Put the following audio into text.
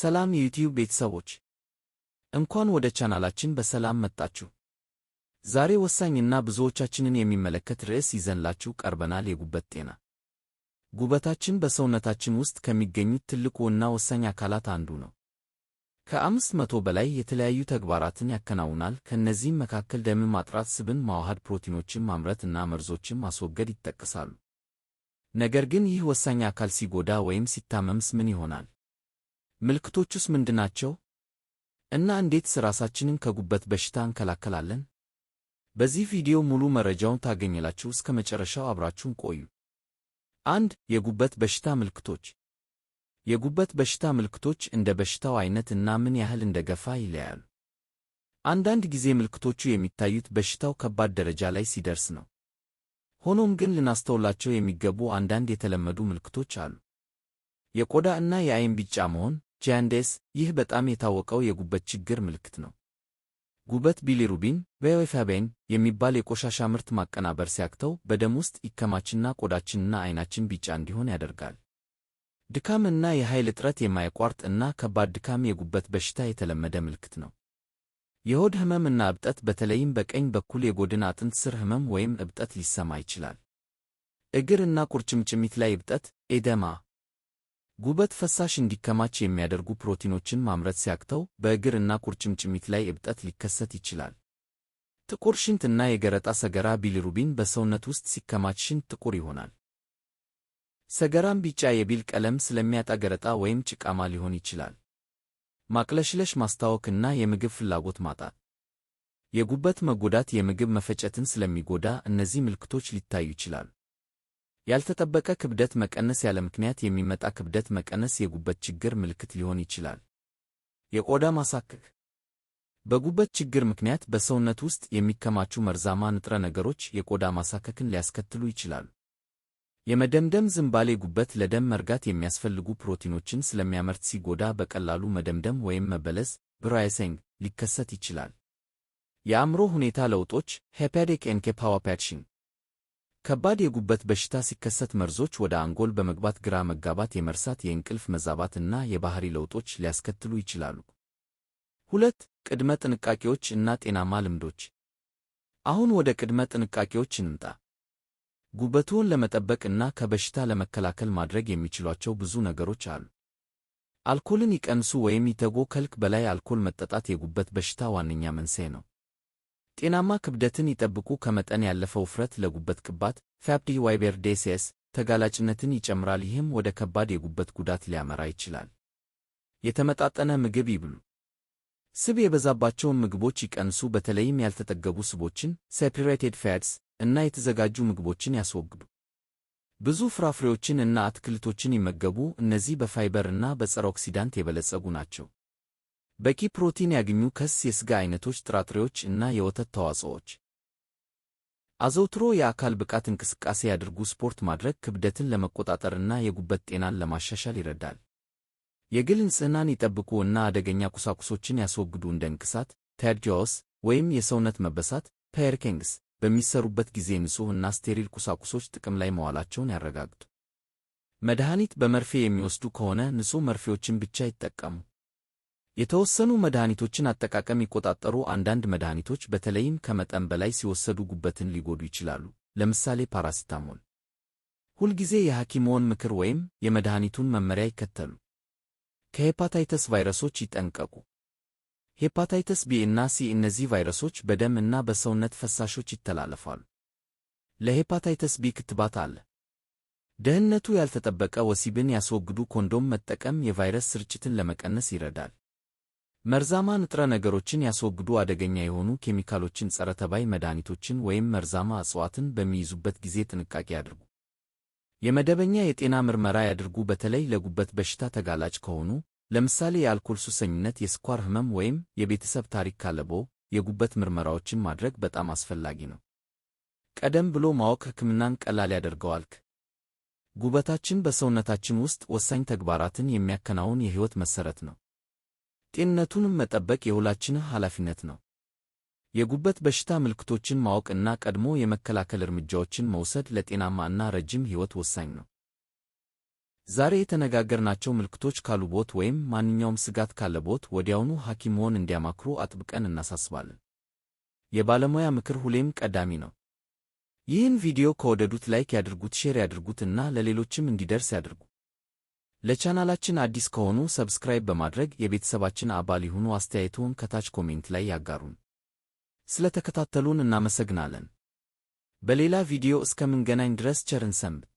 ሰላም የዩቲዩብ ቤተሰቦች እንኳን ወደ ቻናላችን በሰላም መጣችሁ። ዛሬ ወሳኝና ብዙዎቻችንን የሚመለከት ርዕስ ይዘንላችሁ ቀርበናል፣ የጉበት ጤና። ጉበታችን በሰውነታችን ውስጥ ከሚገኙት ትልቁና ወሳኝ አካላት አንዱ ነው። ከአምስት መቶ በላይ የተለያዩ ተግባራትን ያከናውናል። ከእነዚህም መካከል ደም ማጥራት፣ ስብን ማዋሃድ፣ ፕሮቲኖችን ማምረት እና መርዞችን ማስወገድ ይጠቀሳሉ። ነገር ግን ይህ ወሳኝ አካል ሲጎዳ ወይም ሲታመምስ ምን ይሆናል? ምልክቶቹስ ምንድናቸው? እና እንዴትስ ራሳችንን ከጉበት በሽታ እንከላከላለን? በዚህ ቪዲዮ ሙሉ መረጃውን ታገኛላችሁ። እስከ መጨረሻው አብራችሁን ቆዩ። አንድ የጉበት በሽታ ምልክቶች። የጉበት በሽታ ምልክቶች እንደ በሽታው አይነት እና ምን ያህል እንደገፋ ይለያሉ። አንዳንድ ጊዜ ምልክቶቹ የሚታዩት በሽታው ከባድ ደረጃ ላይ ሲደርስ ነው። ሆኖም ግን ልናስተውላቸው የሚገቡ አንዳንድ የተለመዱ ምልክቶች አሉ። የቆዳ እና የአይን ቢጫ መሆን ጃንዴስ ይህ በጣም የታወቀው የጉበት ችግር ምልክት ነው። ጉበት ቢሊሩቢን በዌፋቤን የሚባል የቆሻሻ ምርት ማቀናበር ሲያክተው በደም ውስጥ ይከማችና ቆዳችንና አይናችን ቢጫ እንዲሆን ያደርጋል። ድካም እና የኃይል እጥረት የማይቋርጥ እና ከባድ ድካም የጉበት በሽታ የተለመደ ምልክት ነው። የሆድ ህመም እና እብጠት በተለይም በቀኝ በኩል የጎድን አጥንት ስር ህመም ወይም እብጠት ሊሰማ ይችላል። እግር እና ቁርጭምጭሚት ላይ እብጠት ኤደማ ጉበት ፈሳሽ እንዲከማች የሚያደርጉ ፕሮቲኖችን ማምረት ሲያቅተው በእግር እና ቁርጭምጭሚት ላይ እብጠት ሊከሰት ይችላል። ጥቁር ሽንት እና የገረጣ ሰገራ ቢሊሩቢን በሰውነት ውስጥ ሲከማች ሽንት ጥቁር ይሆናል። ሰገራም ቢጫ የቢል ቀለም ስለሚያጣ ገረጣ ወይም ጭቃማ ሊሆን ይችላል። ማቅለሽለሽ፣ ማስታወክ እና የምግብ ፍላጎት ማጣት። የጉበት መጎዳት የምግብ መፈጨትን ስለሚጎዳ እነዚህ ምልክቶች ሊታዩ ይችላል። ያልተጠበቀ ክብደት መቀነስ ያለ ምክንያት የሚመጣ ክብደት መቀነስ የጉበት ችግር ምልክት ሊሆን ይችላል። የቆዳ ማሳከክ በጉበት ችግር ምክንያት በሰውነት ውስጥ የሚከማቹ መርዛማ ንጥረ ነገሮች የቆዳ ማሳከክን ሊያስከትሉ ይችላሉ። የመደምደም ዝንባሌ ጉበት ለደም መርጋት የሚያስፈልጉ ፕሮቲኖችን ስለሚያመርት ሲጎዳ በቀላሉ መደምደም ወይም መበለዝ ብራይሰንግ ሊከሰት ይችላል። የአእምሮ ሁኔታ ለውጦች ሄፓዴክ ኤንኬፓዋፓችን ከባድ የጉበት በሽታ ሲከሰት መርዞች ወደ አንጎል በመግባት ግራ መጋባት፣ የመርሳት፣ የእንቅልፍ መዛባት እና የባህሪ ለውጦች ሊያስከትሉ ይችላሉ። ሁለት ቅድመ ጥንቃቄዎች እና ጤናማ ልምዶች። አሁን ወደ ቅድመ ጥንቃቄዎች እንምጣ። ጉበትዎን ለመጠበቅ እና ከበሽታ ለመከላከል ማድረግ የሚችሏቸው ብዙ ነገሮች አሉ። አልኮልን ይቀንሱ ወይም ይተጎ። ከልክ በላይ አልኮል መጠጣት የጉበት በሽታ ዋነኛ መንስኤ ነው። ጤናማ ክብደትን ይጠብቁ። ከመጠን ያለፈ ውፍረት ለጉበት ቅባት ፋፕዲ ዋይቤር ዴሴስ ተጋላጭነትን ይጨምራል፣ ይህም ወደ ከባድ የጉበት ጉዳት ሊያመራ ይችላል። የተመጣጠነ ምግብ ይብሉ። ስብ የበዛባቸውን ምግቦች ይቀንሱ፣ በተለይም ያልተጠገቡ ስቦችን ሴፕሬትድ ፋትስ እና የተዘጋጁ ምግቦችን ያስወግዱ። ብዙ ፍራፍሬዎችን እና አትክልቶችን ይመገቡ፣ እነዚህ በፋይበር እና በጸረ ኦክሲዳንት የበለጸጉ ናቸው። በቂ ፕሮቲን ያገኙ ከስ የሥጋ አይነቶች፣ ጥራጥሬዎች እና የወተት ተዋጽኦዎች። አዘውትሮ የአካል ብቃት እንቅስቃሴ ያድርጉ። ስፖርት ማድረግ ክብደትን ለመቆጣጠርና የጉበት ጤናን ለማሻሻል ይረዳል። የግል ንጽህናን ይጠብቁ እና አደገኛ ቁሳቁሶችን ያስወግዱ። እንደ እንቅሳት ተርጂዎስ ወይም የሰውነት መበሳት ፐርኬንግስ በሚሰሩበት ጊዜ ንጹህ እና ስቴሪል ቁሳቁሶች ጥቅም ላይ መዋላቸውን ያረጋግጡ። መድኃኒት በመርፌ የሚወስዱ ከሆነ ንጹህ መርፌዎችን ብቻ ይጠቀሙ። የተወሰኑ መድኃኒቶችን አጠቃቀም ይቆጣጠሩ። አንዳንድ መድኃኒቶች በተለይም ከመጠን በላይ ሲወሰዱ ጉበትን ሊጎዱ ይችላሉ፣ ለምሳሌ ፓራሲታሞል። ሁልጊዜ የሐኪምዎን ምክር ወይም የመድኃኒቱን መመሪያ ይከተሉ። ከሄፓታይተስ ቫይረሶች ይጠንቀቁ። ሄፓታይተስ ቢ እና ሲ እነዚህ ቫይረሶች በደም እና በሰውነት ፈሳሾች ይተላለፋሉ። ለሄፓታይተስ ቢ ክትባት አለ። ደህንነቱ ያልተጠበቀ ወሲብን ያስወግዱ። ኮንዶም መጠቀም የቫይረስ ስርጭትን ለመቀነስ ይረዳል። መርዛማ ንጥረ ነገሮችን ያስወግዱ። አደገኛ የሆኑ ኬሚካሎችን፣ ጸረ ተባይ መድኃኒቶችን ወይም መርዛማ እጽዋትን በሚይዙበት ጊዜ ጥንቃቄ ያድርጉ። የመደበኛ የጤና ምርመራ ያድርጉ፣ በተለይ ለጉበት በሽታ ተጋላጭ ከሆኑ፣ ለምሳሌ የአልኮል ሱሰኝነት፣ የስኳር ህመም ወይም የቤተሰብ ታሪክ ካለቦ የጉበት ምርመራዎችን ማድረግ በጣም አስፈላጊ ነው። ቀደም ብሎ ማወቅ ሕክምናን ቀላል ያደርገዋል። ጉበታችን በሰውነታችን ውስጥ ወሳኝ ተግባራትን የሚያከናውን የሕይወት መሠረት ነው። ጤንነቱንም መጠበቅ የሁላችን ኃላፊነት ነው። የጉበት በሽታ ምልክቶችን ማወቅና ቀድሞ የመከላከል እርምጃዎችን መውሰድ ለጤናማ እና ረጅም ሕይወት ወሳኝ ነው። ዛሬ የተነጋገርናቸው ምልክቶች ካሉቦት ወይም ማንኛውም ስጋት ካለቦት ወዲያውኑ ሐኪምዎን እንዲያማክሩ አጥብቀን እናሳስባለን። የባለሙያ ምክር ሁሌም ቀዳሚ ነው። ይህን ቪዲዮ ከወደዱት ላይክ ያድርጉት፣ ሼር ያድርጉት እና ለሌሎችም እንዲደርስ ያድርጉ። ለቻናላችን አዲስ ከሆኑ ሰብስክራይብ በማድረግ የቤተሰባችን አባል ይሁኑ። አስተያየቱን ከታች ኮሜንት ላይ ያጋሩን። ስለተከታተሉን እናመሰግናለን። በሌላ ቪዲዮ እስከምንገናኝ ድረስ ቸርን ሰንብት።